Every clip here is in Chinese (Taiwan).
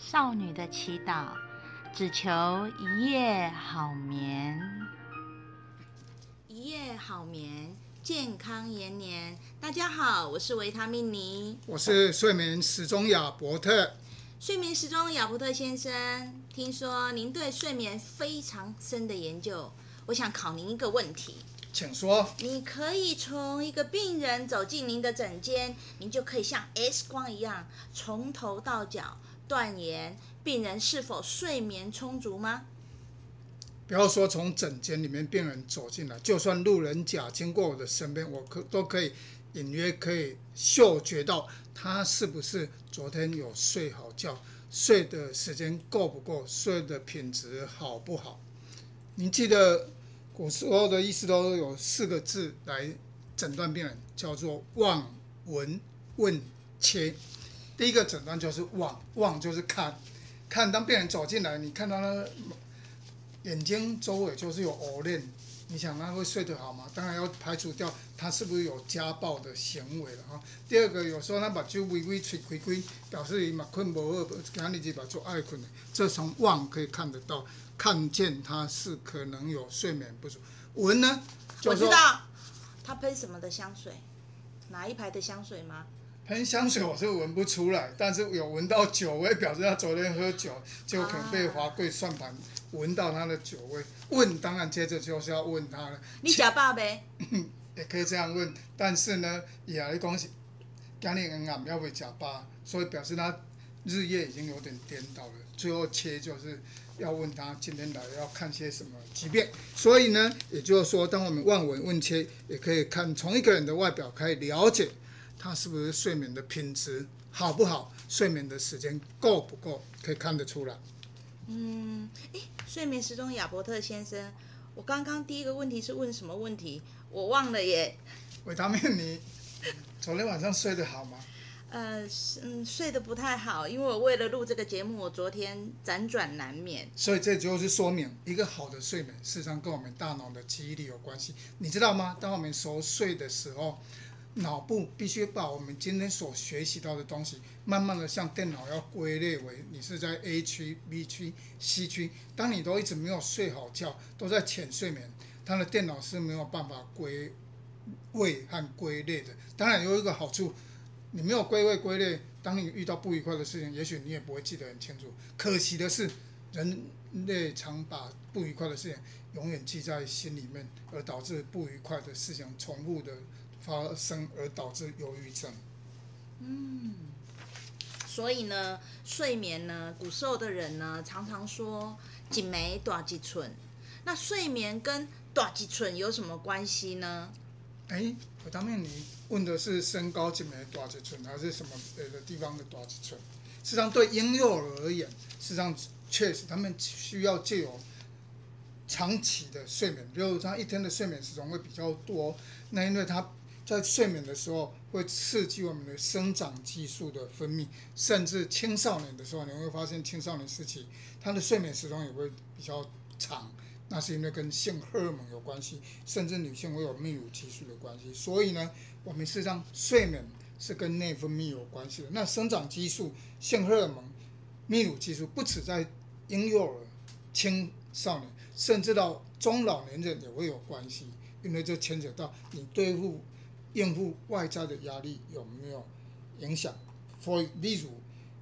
少女的祈禱，只求一夜好眠。一夜好眠，健康延年。大家好，我是維他命尼，我是睡眠時鐘亞伯特。睡眠時鐘亞伯特先生，聽說您對睡眠非常深的研究，我想考您一個問題？請說。你可以從一個病人走進您的診間，您就可以像 X 光一樣，從頭到腳。斷言病人是否睡眠充足嗎？不要說從診間裡面病人走進來，就算路人甲經過我的身邊，我可都可以隱約可以嗅覺到他是不是昨天有睡好覺，睡的時間夠不夠，睡的品質好不好？您記得古時候的醫師都有四個字來診斷病人，叫做望聞問切。第一個診斷就是望，望就是看，看當病人走進來，你看到他眼睛周圍就是有凹陷，你想他會睡得好嗎？當然要排除掉他是不是有家暴的行為了哈。第二個，有時候他把嘴微微垂，垂，垂表示你嘛困不餓，給他立即把做愛困的，這，從望可以看得到，看見他是可能有睡眠不足。聞呢、就是，我知道他噴什麼的香水，哪一排的香水嗎？噴香水我是聞不出來，但是有聞到酒味，表示他昨天喝酒，就可能被華貴算盤聞到他的酒味。問當然接着就是要問他了，你食飽沒？也可以這樣問，但是呢，也來講是今天午暗要不食飽。所以表示他日夜已經有點顛倒了。最後切就是要問他今天來要看些什麼疾病……」所以呢，也就是說，當我們望聞問切，也可以看從一個人的外表可以了解。他是不是睡眠的品質好不好？睡眠的時間夠不夠？可以看得出來。嗯，誒、欸，睡眠時鐘亞伯特先生，我剛剛第一個問題是問什麼問題？我忘了耶。維他命，你昨天晚上睡得好嗎？呃，嗯，睡得不太好，因為我為了錄這個節目，我昨天輾轉難眠。所以這就是說明，一個好的睡眠事實上跟我們大腦的記憶力有關係。你知道嗎？當我們熟睡的時候，腦部必須把我們今天所學習到的東西，慢慢的向電腦要歸類為你是在 A 區、B 區、C 區。當你都一直沒有睡好覺，都在淺睡眠，他的電腦是沒有辦法歸位和歸類的。當然有一個好處，你沒有歸位歸類，當你遇到不愉快的事情，也許你也不會記得很清楚。可惜的是，人類常把不愉快的事情永遠記在心裡面，而導致不愉快的事情重複的。發生而導致憂鬱症。嗯，所以呢，睡眠呢，古時候的人呢，常常說“一暝大一寸”。那睡眠跟“大一寸”有什麼關係呢？哎、欸，我當面你問的是身高一暝大一寸，還是什麼呃地方的大一寸？事實上，對嬰幼兒而言，事實上確實他們需要借由長期的睡眠，比如他一天的睡眠時長會比較多，那因為他。在睡眠的時候，會刺激我們的生長激素的分泌。甚至青少年的時候，你會發現青少年時期他的睡眠時長也會比較長。那是因為跟性荷爾蒙有關係，甚至女性會有泌乳激素的關係。所以呢，我們事實上睡眠是跟內分泌有關係的。那生長激素、性荷爾蒙、泌乳激素不止在嬰幼兒、青少年，甚至到中老年人也會有關係，因為這牽扯到你對付。應付外在的壓力有沒有影響？所以，例如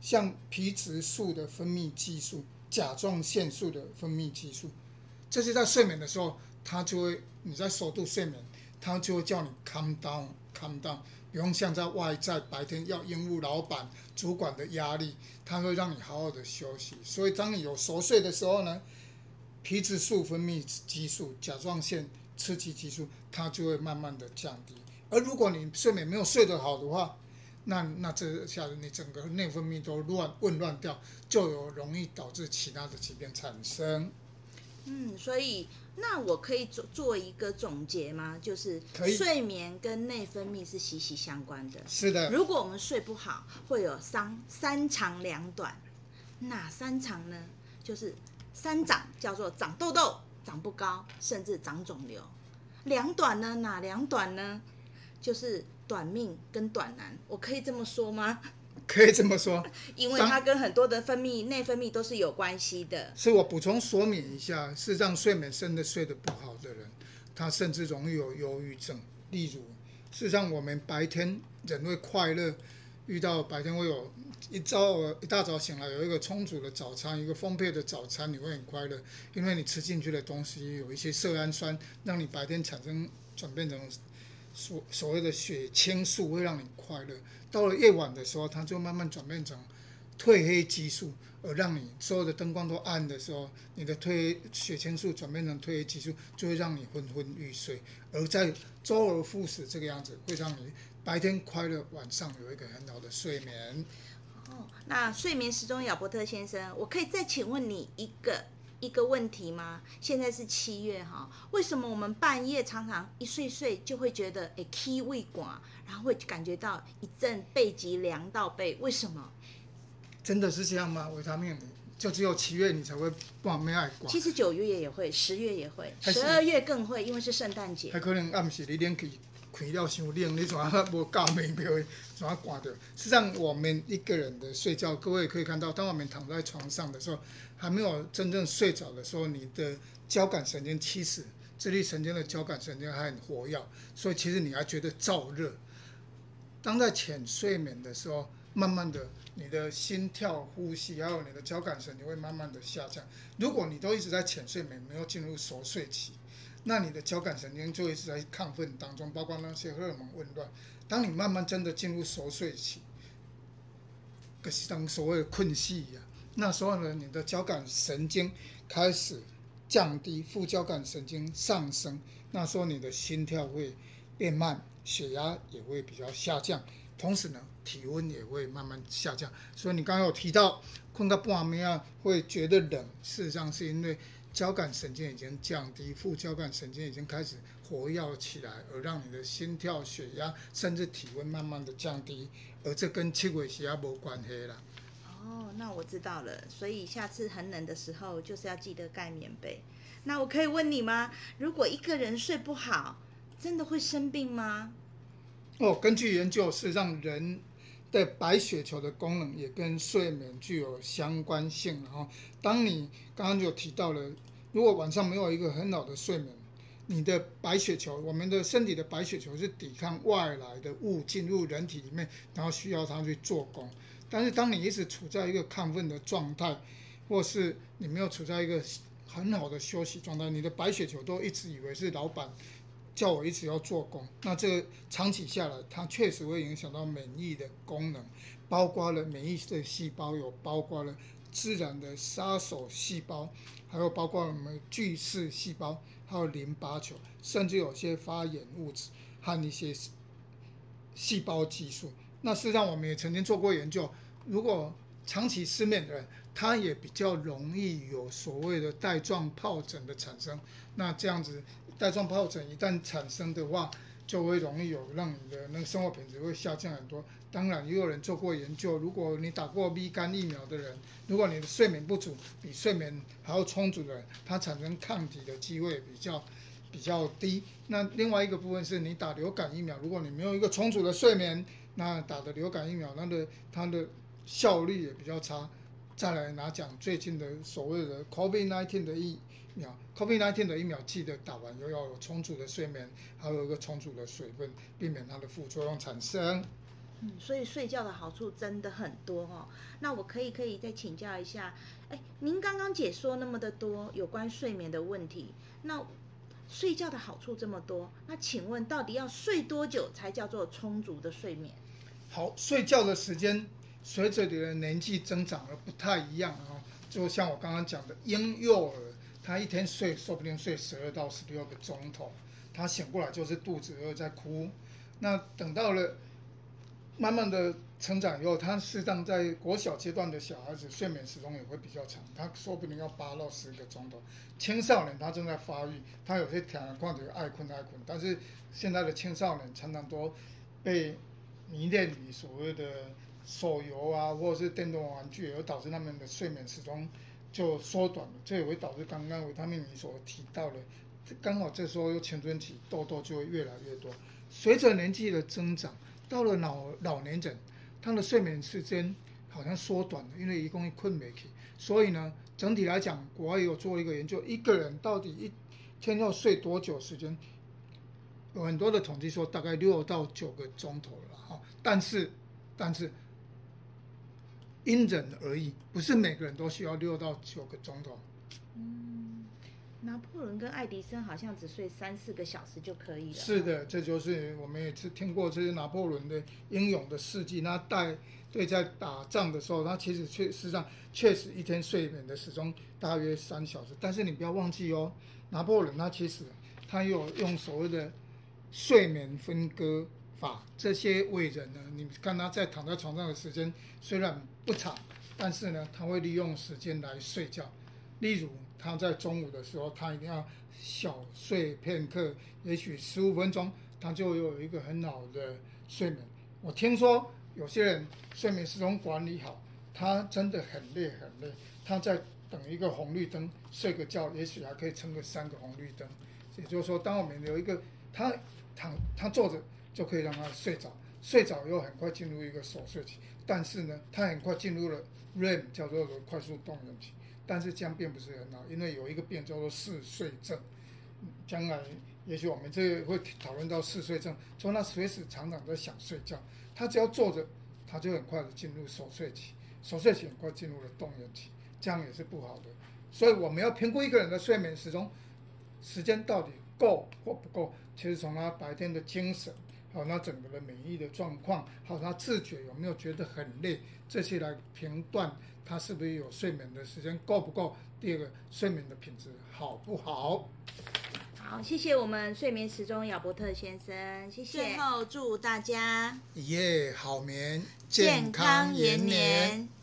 像皮質素的分泌激素、甲狀腺素的分泌激素，這些在睡眠的時候，它就會你在深度睡眠，它就會叫你 calm down, calm down。比如像在外在白天要應付老板、主管的壓力，它會讓你好好的休息。所以，當你有熟睡的時候呢，皮質素分泌激素、甲狀腺刺激激素，它就會慢慢的降低。而如果你睡眠沒有睡得好的話，那那這下子你整個內分泌都亂紊亂掉，就有容易導致其他的疾病產生。嗯，所以那我可以做做一個總結嗎？就是睡眠跟內分泌是息息相關的。是的，如果我們睡不好，會有三三長兩短。哪三長呢？就是三長叫做長痘痘、長不高，甚至長腫瘤。兩短呢？哪兩短呢？就是短命跟短男，我可以這麼說嗎？可以這麼說，因為它跟很多的分泌、內分泌都是有關係的。所以我補充說明一下，事實上睡眠深的睡得不好的人，他甚至容易有憂鬱症。例如，事實上我們白天人會快樂，遇到白天會有一早一大早醒來有一個充足的早餐，一個豐沛的早餐，你會很快樂，因為你吃進去的東西有一些色氨酸，讓你白天產生轉變成。所所謂的血清素會讓你快樂，到了夜晚的時候，它就慢慢轉變成褪黑激素，而讓你所有的燈光都暗的時候，你的褪黑血清素轉變成褪黑激素，就會讓你昏昏欲睡。而在周而復始這個樣子，會讓你白天快樂，晚上有一個很好的睡眠。哦，那睡眠時鐘，亞伯特先生，我可以再請問你一個？一個問題嗎？現在是七月哈，為什麼我們半夜常常一睡睡就會覺得哎，起畏寒，然後會感覺到一陣背脊涼到背？為什麼？真的是這樣嗎？維他命就只有七月你才會寡味愛寡，其實九月也會，十月也會，十二月更會，因為是聖誕節。還可能暗時你冷氣。開了上鏈，你怎啊無交門票的，怎啊關掉？實際上，我們一個人的睡覺，各位可以看到，當我們躺在床上的時候，還沒有真正睡着的時候，你的交感神經其實，自律神經的交感神經還很活躍，所以其實你還覺得燥熱。當在淺睡眠的時候，慢慢的，你的心跳、呼吸，還有你的交感神經會慢慢的下降。如果你都一直在淺睡眠，沒有進入熟睡期。那你的交感神經就一直在亢奮當中，包括那些荷爾蒙紊亂。當你慢慢真的進入熟睡期，可是當所謂的困隙一樣，那時候呢，你的交感神經開始降低，副交感神經上升。那時候你的心跳會變慢，血壓也會比較下降，同時呢，體溫也會慢慢下降。所以你剛剛有提到困到半夜啊，會覺得冷，事實上是因為。交感神經已經降低，副交感神經已經開始活躍起來，而讓你的心跳、血壓甚至體溫慢慢地降低，而這跟氣溫是也無關係啦。哦，那我知道了，所以下次很冷的時候就是要記得蓋棉被。那我可以問你嗎？如果一個人睡不好，真的會生病嗎？哦，根據研究是讓人。在白血球的功能也跟睡眠具有相關性。然後，當你剛剛就提到了，如果晚上沒有一個很好的睡眠，你的白血球，我們的身體的白血球是抵抗外來的物進入人體裡面，然後需要它去做工。但是，當你一直處在一個亢奮的狀態，或是你沒有處在一個很好的休息狀態，你的白血球都一直以為是老闆。叫我一直要做工，那這個長期下來，它確實會影響到免疫的功能，包括了免疫的細胞，有包括了自然的殺手細胞，還有包括我們巨噬細胞，還有淋巴球，甚至有些發炎物質和一些細胞激素。那事實上，我們也曾經做過研究，如果長期失眠的人，他也比較容易有所謂的帶狀皰疹的產生。那這樣子。帶狀皰疹一旦產生的話，就會容易有讓你的那個生活品質會下降很多。當然，也有人做過研究，如果你打過 B 肝疫苗的人，如果你的睡眠不足，比睡眠還要充足的人，他產生抗體的機會比較比較低。那另外一個部分是你打流感疫苗，如果你沒有一個充足的睡眠，那打的流感疫苗，它的它的效率也比較差。再來拿獎最近的所謂的 COVID-19 的疫苗。啊，COVID nineteen 的疫苗，記得打完又要有充足的睡眠，還有一個充足的水分，避免它的副作用產生。嗯，所以睡覺的好處真的很多哦。那我可以可以再請教一下，哎、欸，您剛剛解說那麼的多有關睡眠的問題，那睡覺的好處這麼多，那請問到底要睡多久才叫做充足的睡眠？好，睡覺的時間隨着你的年紀增長而不太一樣啊、哦，就像我剛剛講的嬰幼兒。他一天睡說不定睡十二到十六個鐘頭，他醒過來就是肚子餓在哭。那等到了慢慢的成長以後，他事實上在國小階段的小孩子睡眠時鐘也會比較長，他說不定要八到十個鐘頭。青少年，他正在發育，他有些情況就愛困愛困，但是現在的青少年常常都被迷戀於所謂的手遊啊，或者是電動玩具，而導致他們的睡眠時鐘就縮短了，這也會導致剛剛維他命你所提到的，剛好這時候又青春期，痘痘就會越來越多。隨着年紀的增長，到了老老年人，他的睡眠時間好像縮短了，因為一共困沒去。所以呢，整體來講，國外有做了一個研究，一個人到底一天要睡多久時間？有很多的統計說大概六到九個鐘頭了哈、哦，但是但是。因人而異，不是每個人都需要六到九個鐘頭。嗯，拿破崙跟愛迪生好像只睡三四個小時就可以了。是的，這就是我們也是聽過這些拿破崙的英勇的事跡。那在對在打仗的時候，他其實確事實上確實一天睡眠的時鐘大約三小時。但是你不要忘記哦，拿破崙他其實他有用所謂的睡眠分割法這些偉人呢，你看他在躺在床上的時間雖然不長，但是呢，他會利用時間來睡覺。例如他在中午的時候，他一定要小睡片刻，也許十五分鐘，他就有一個很好的睡眠。我聽說有些人睡眠始終管理好，他真的很累很累，他在等一個紅綠燈睡個覺，也許還可以撐個三個紅綠燈。也就是說，當我們有一個他躺他坐着，就可以讓他睡着，睡着又很快進入一個熟睡期。但是呢，他很快進入了 REM 叫做快速動眼期。但是這樣並不是很好，因為有一個病叫做嗜睡症。將來也許我們這會討論到嗜睡症，從他隨時常常在想睡覺，他只要坐着，他就很快的進入熟睡期，熟睡期很快進入了動眼期，這樣也是不好的。所以我們要評估一個人的睡眠時鐘時間到底夠或不夠。其實從他白天的精神。好、哦，那整個的免疫的狀況，好、哦，他自覺有沒有覺得很累，這些來評斷他是不是有睡眠的時間夠不夠？第二個，睡眠的品質好不好？好，謝謝我們睡眠時鐘亞伯特先生，謝謝。最後祝大家一夜！Yeah, 好眠，健康延年。健康延年。